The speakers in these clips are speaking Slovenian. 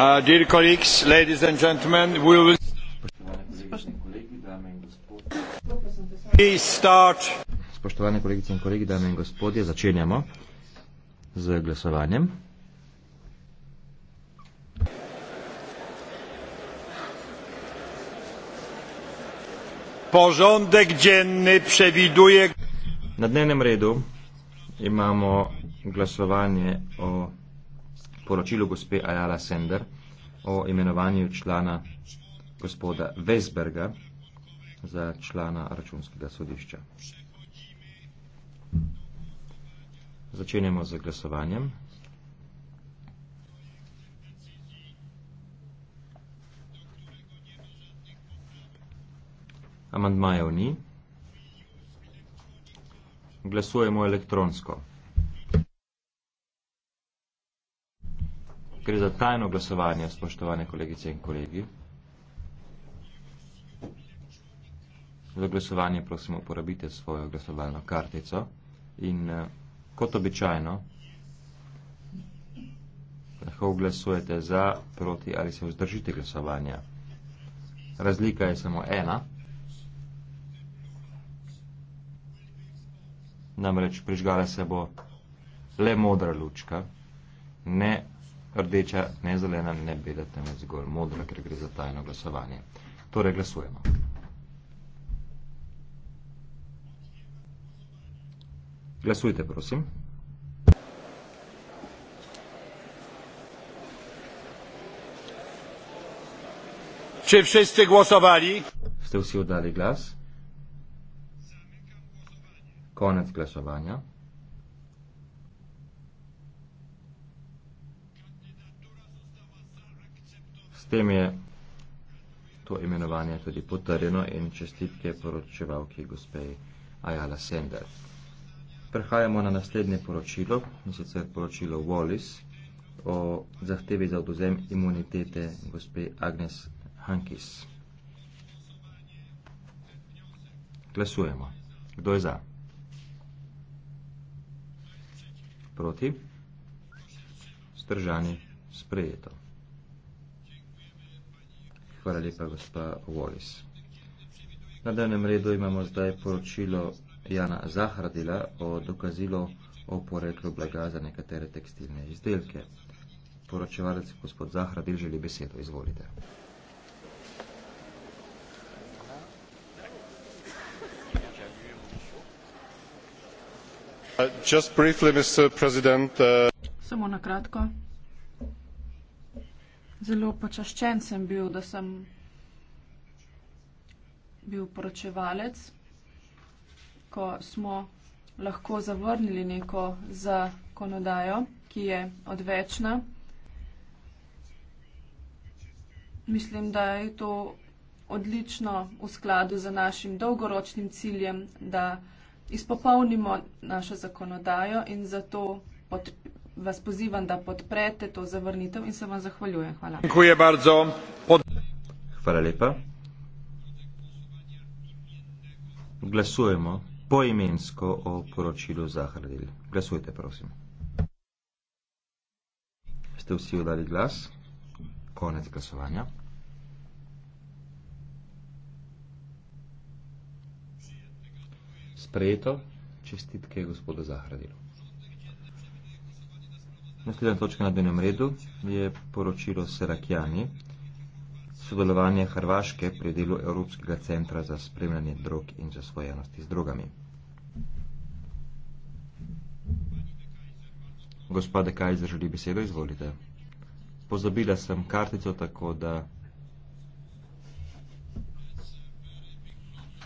Uh, dear colleagues, ladies and gentlemen, we will start. Spoštovane kolegice in kolegi, dame in gospodje, začenjamo z glasovanjem. Porządek dzienny przewiduje. Na dnevnem redu imamo glasovanje o poročilu gospe Ayala Sender o imenovanju člana gospoda Vesberga za člana računskega sodišča. Začenjamo z glasovanjem. Amandmajev ni. Glasujemo elektronsko. Gre za tajno glasovanje, spoštovane kolegice in kolegi. Za glasovanje prosimo uporabite svojo glasovalno kartico in eh, kot običajno lahko glasujete za, proti ali se vzdržite glasovanja. Razlika je samo ena. Namreč prižgala se bo le modra lučka, ne rdeča, ne zelena, ne bela, temveč zgolj modra, ker gre za tajno glasovanje. Torej glasujemo. Glasujte, prosim. Če všeste glasovali? Ste vsi oddali glas? Konec glasovanja. tem je to imenovanje tudi potrjeno in čestitke poročevalki gospej Ajala Sender. Prehajamo na naslednje poročilo, in sicer poročilo Wallis o zahtevi za oduzem imunitete gospe Agnes Hankis. Glasujemo. Kdo je za? Proti? Stržani sprejeto. Hvala lepa, gospa Wallis. Na danem redu imamo zdaj poročilo Jana Zahradila o dokazilo o poreklu blaga za nekatere tekstilne izdelke. Poročevalec gospod Zahradil želi besedo, izvolite. Uh, just briefly, Mr. President. Uh... Samo na kratko, Zelo počaščen sem bil, da sem bil poročevalec, ko smo lahko zavrnili neko zakonodajo, ki je odvečna. Mislim, da je to odlično v skladu z našim dolgoročnim ciljem, da izpopolnimo našo zakonodajo in zato vas pozivam, da podprete to zavrnitev in se vam zahvaljujem. Hvala. Hvala lepa. Glasujemo poimensko o poročilu Zahradil. Glasujte, prosim. Ste vsi odali glas? Konec glasovanja. Sprejeto čestitke gospoda Zahradilu. Naslednja točka na dnevnem redu je poročilo Serakjani, sodelovanje Hrvaške pri delu Evropskega centra za spremljanje drog in zasvojenosti z drogami. Gospode Kajzer, želi besedo, izvolite. Pozabila sem kartico, tako da...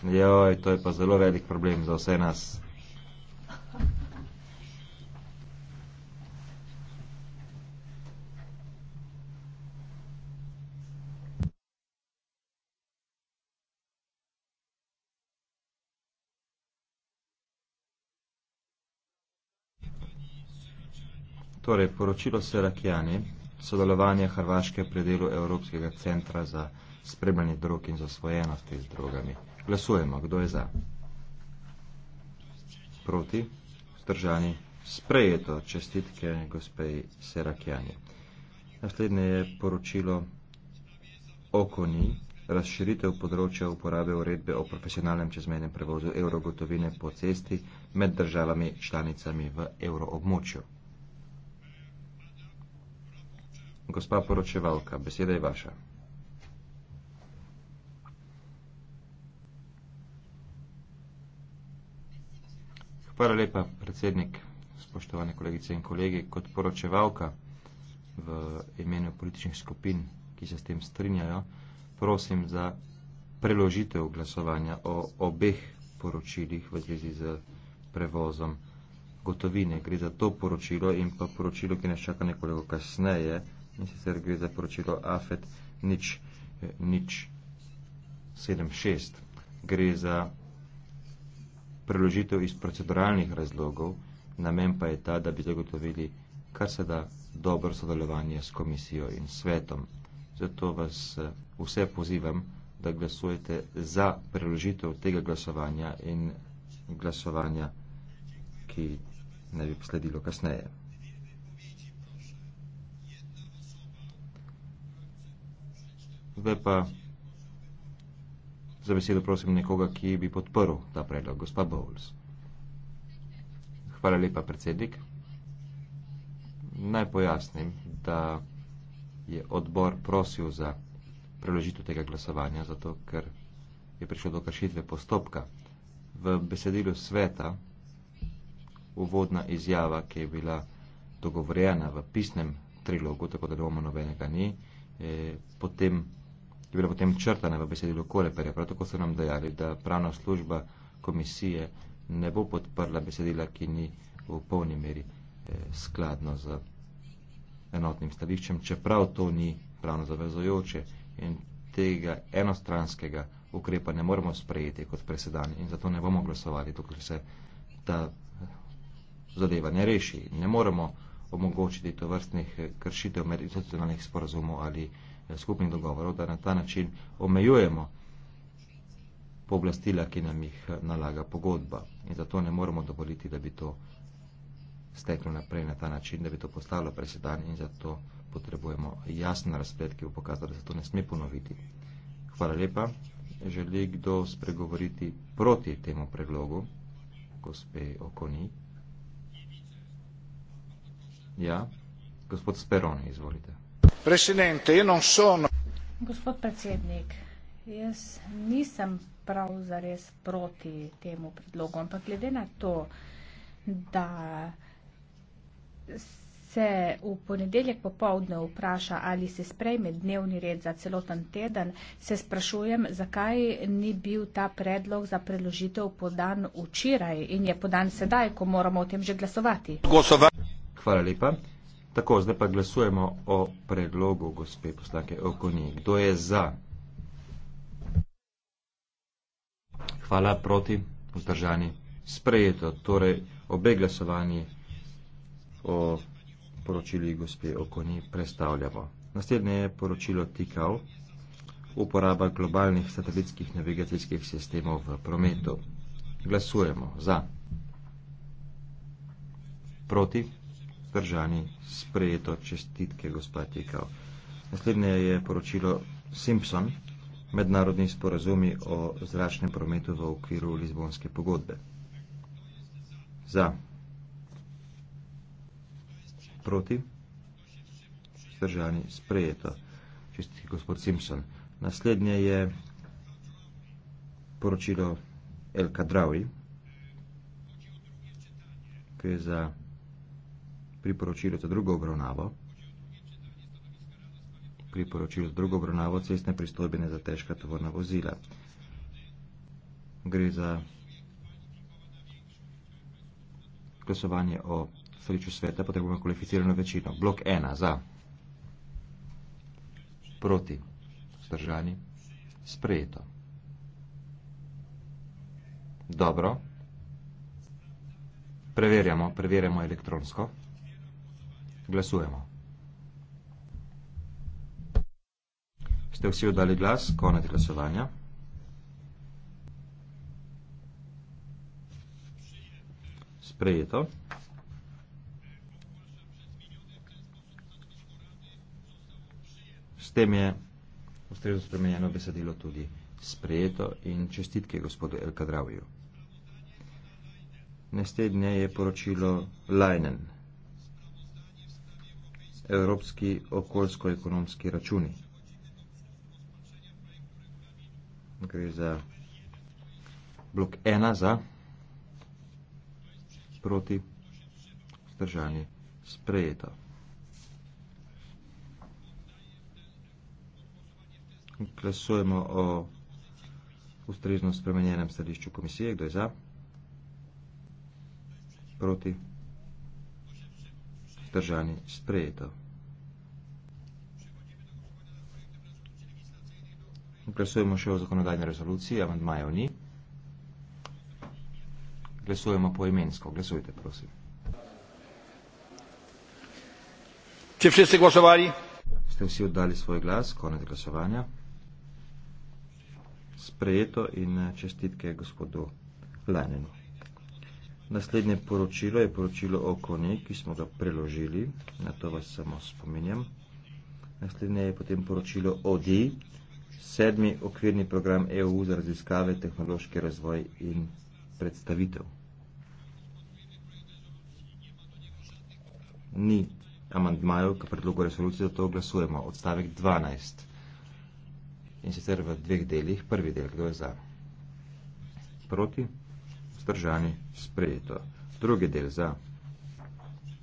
Joj, to je pa zelo velik problem za vse nas. Torej, poročilo Serakijani, sodelovanje Hrvaške pri delu Evropskega centra za spremljanje drog in zasvojenosti z drogami. Glasujemo, kdo je za? Proti? Zdržani? Sprejeto čestitke gospej Serakijani. Naslednje je poročilo Okoni, razširitev področja uporabe uredbe o profesionalnem čezmenem prevozu evrogotovine po cesti med državami članicami v evroobmočju. območju. Gospa poročevalka, beseda je vaša. Hvala lepa, predsednik, spoštovane kolegice in kolegi. Kot poročevalka v imenu političnih skupin, ki se s tem strinjajo, prosim za preložitev glasovanja o obeh poročilih v zvezi z prevozom gotovine. Gre za to poročilo in pa poročilo, ki nas čaka nekoliko kasneje in sicer gre za poročilo AFET nič, eh, nič 76. Gre za preložitev iz proceduralnih razlogov, namen pa je ta, da bi zagotovili kar se da dobro sodelovanje s komisijo in svetom. Zato vas eh, vse pozivam, da glasujete za preložitev tega glasovanja in glasovanja, ki naj bi sledilo kasneje. Zdaj pa za besedo prosim nekoga, ki bi podprl ta predlog, gospa Bowles. Hvala lepa, predsednik. Naj pojasnim, da je odbor prosil za preložitev tega glasovanja, zato ker je prišlo do kršitve postopka. V besedilu sveta, uvodna izjava, ki je bila dogovorjena v pisnem trilogu, tako da dvoma nobenega ni, potem je bila potem črtana v besedilu Koreperja. Prav tako so nam dejali, da pravna služba komisije ne bo podprla besedila, ki ni v polni meri eh, skladno z enotnim stališčem, čeprav to ni pravno zavezojoče in tega enostranskega ukrepa ne moremo sprejeti kot presedan in zato ne bomo glasovali, dokler se ta eh, zadeva ne reši. Ne moremo omogočiti to vrstnih eh, kršitev med institucionalnih sporazumov ali eh, Eh, skupnih dogovorov, da na ta način omejujemo pooblastila, ki nam jih eh, nalaga pogodba. In zato ne moremo dovoliti, da bi to steklo naprej na ta način, da bi to postalo presedan in zato potrebujemo jasen razplet, ki bo pokazal, da se to ne sme ponoviti. Hvala lepa. Želi kdo spregovoriti proti temu predlogu? Gospe Okoni. Ja, gospod Speroni, izvolite gospod predsednik, jaz nisem prav zares proti temu predlogu, ampak glede na to, da se v ponedeljek popovdne vpraša, ali se sprejme dnevni red za celoten teden, se sprašujem, zakaj ni bil ta predlog za predložitev podan včeraj in je podan sedaj, ko moramo o tem že glasovati. Hvala lepa. Tako, zdaj pa glasujemo o predlogu gospe poslanke Okonji. Kdo je za? Hvala proti, vzdržani. Sprejeto, torej obe glasovanji o poročili gospe Okonji predstavljamo. Naslednje je poročilo Tikal, uporaba globalnih satelitskih navigacijskih sistemov v prometu. Glasujemo za. Proti. Kržani sprejeto čestitke gospod Tikal. Naslednje je poročilo Simpson, mednarodni sporazumi o zračnem prometu v okviru Lizbonske pogodbe. Za. Proti. Zdržani sprejeto. Čestitke gospod Simpson. Naslednje je poročilo El Kadravi, ki je za priporočilo za drugo obravnavo, priporočilo za drugo obravnavo cestne pristojbine za težka tovorna vozila. Gre za glasovanje o stoličju sveta, potrebujemo kvalificirano večino. Blok 1 za proti zdržani sprejeto. Dobro. Preverjamo, preverjamo elektronsko. Glasujemo. Ste vsi oddali glas? Konec glasovanja. Sprejeto. S tem je ustrezno spremenjeno besedilo tudi sprejeto in čestitke gospodu El Kadravju. Naslednje je poročilo Lajnen evropski okoljsko-ekonomski računi. Gre za blok ena za proti zdržani sprejeto. Glasujemo o ustrezno spremenjenem stališču komisije. Kdo je za? Proti vzdržani sprejeto. Glasujemo še o zakonodajni rezoluciji, amandmajev ni. Glasujemo poimensko. Glasujte, prosim. Če vsi ste glasovali? Ste vsi oddali svoj glas, konec glasovanja. Sprejeto in eh, čestitke gospodu Lanenu. Naslednje poročilo je poročilo o koni, ki smo ga preložili, na to vas samo spominjam. Naslednje je potem poročilo o DI, sedmi okvirni program EU za raziskave, tehnološki razvoj in predstavitev. Ni amandmajev k predlogu resolucije, zato glasujemo. Odstavek 12. In sicer v dveh delih. Prvi del, kdo je za? Proti? vzdržani sprejeto. Drugi del za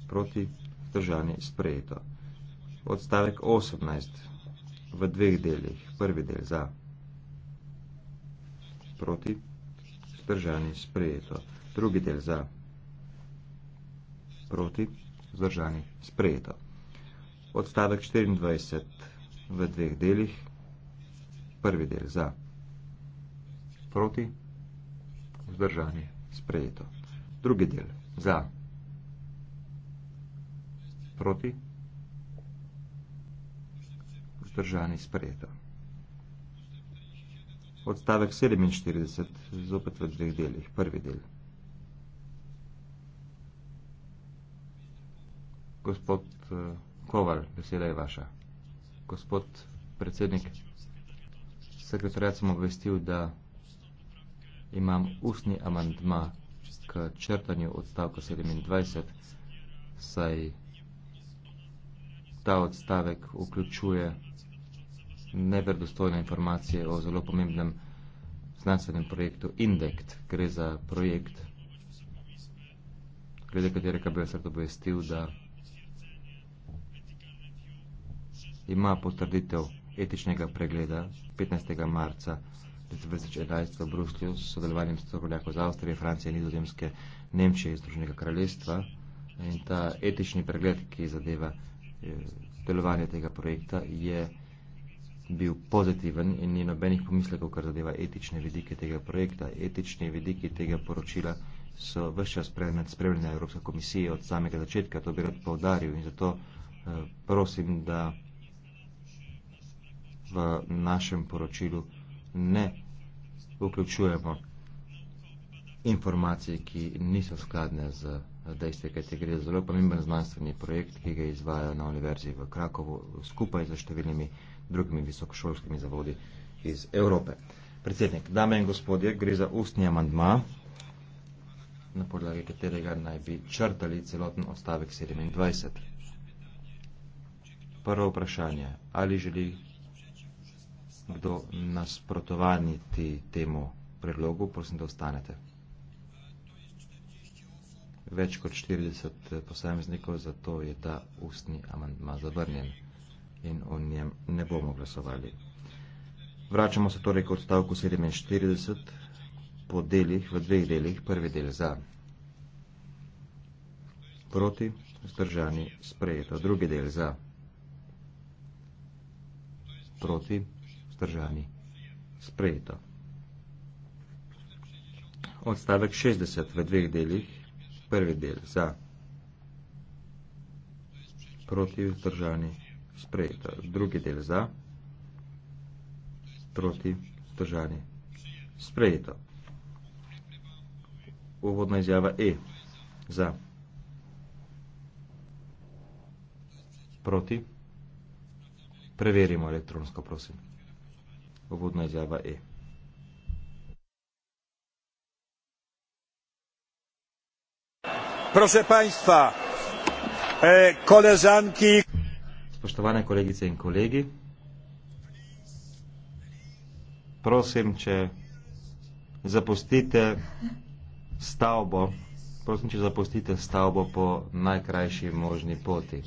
proti vzdržani sprejeto. Odstavek 18 v dveh delih. Prvi del za proti vzdržani sprejeto. Drugi del za proti vzdržani sprejeto. Odstavek 24 v dveh delih. Prvi del za proti vzdržani sprejeto vzdržani, sprejeto. Drugi del. Za. Proti. Vzdržani, sprejeto. Odstavek 47, zopet v dveh delih. Prvi del. Gospod eh, Koval, beseda je vaša. Gospod predsednik, sekretarjat sem obvestil, da imam ustni amandma k črtanju odstavka 27, saj ta odstavek vključuje neverdostojne informacije o zelo pomembnem znanstvenem projektu INDECT. Gre za projekt, glede katerega bi vas rad obvestil, da ima potrditev etičnega pregleda 15. marca 2020. 2011 v Bruslju s sodelovanjem strokovnjakov iz Avstrije, Francije, Nizozemske, Nemčije in Združenega kraljestva. In ta etični pregled, ki zadeva eh, delovanje tega projekta, je bil pozitiven in ni nobenih pomislekov, kar zadeva etične vidike tega projekta. Etični vidiki tega poročila so vse čas predmet spremljanja Evropske komisije od samega začetka, to bi rad povdaril in zato eh, prosim, da v našem poročilu ne vključujemo informacije, ki niso skladne z dejstvi, kaj te gre za zelo pomemben znanstveni projekt, ki ga izvajajo na univerzi v Krakovu skupaj z številnimi drugimi visokošolskimi zavodi iz Evrope. Predsednik, dame in gospodje, gre za ustni amandma, na podlagi katerega naj bi črtali celoten ostavek 27. Prvo vprašanje, ali želi do nasprotovanji ti, temu predlogu, prosim, da ostanete. Več kot 40 eh, posameznikov, zato je ta ustni amandma zavrnjen in o njem ne bomo glasovali. Vračamo se torej k odstavku 47 po delih, v dveh delih, prvi del za, proti, zdržani, sprejeto, drugi del za, proti, vzdržani. Sprejeto. Odstavek 60 v dveh delih. Prvi del za. Proti vzdržani. Sprejeto. Drugi del za. Proti vzdržani. Sprejeto. Uvodna izjava E. Za. Proti. Preverimo elektronsko, prosim. Obudna java E. Proszę Państwa, e, koleżanki. Spoštovane kolegice in kolegi, prosim, če zapustite stavbo, prosim, če zapustite stavbo po najkrajši možni poti.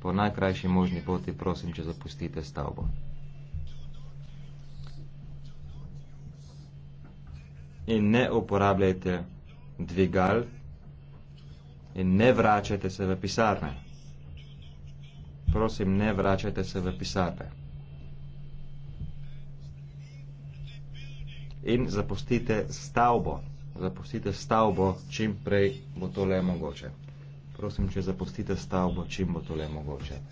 Po najkrajši možni poti, prosim, če zapustite stavbo. in ne uporabljajte dvigal in ne vračajte se v pisarne. Prosim, ne vračajte se v pisarne. In zapustite stavbo, zapustite stavbo, čim prej bo to le mogoče. Prosim, če zapustite stavbo, čim bo to le mogoče. In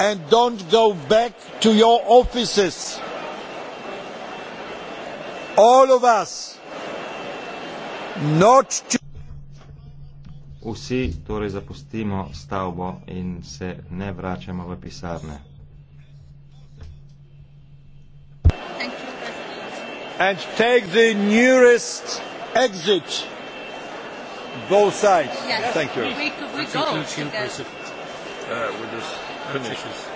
ne vračajte se v svoje ofice all of us not to Vsi torej zapustimo stavbo in se ne vračamo v pisarne. And take the nearest exit both sides. Yes. Thank you. We, we, we go. Uh, with this. Finishes.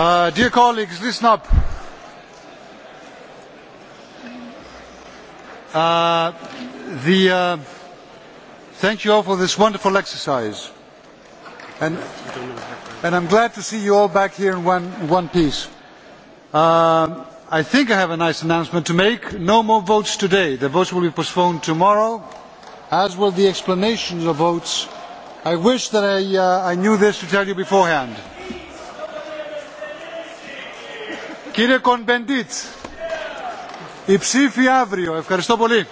Uh, dear colleagues, listen up. Uh, the, uh, thank you all for this wonderful exercise. And, and I'm glad to see you all back here in one, one piece. Uh, I think I have a nice announcement to make. No more votes today. The votes will be postponed tomorrow, as will the explanations of votes. I wish that I, uh, I knew this to tell you beforehand. Κύριε Κονμπεντίτς, η ψήφη αύριο. Ευχαριστώ πολύ.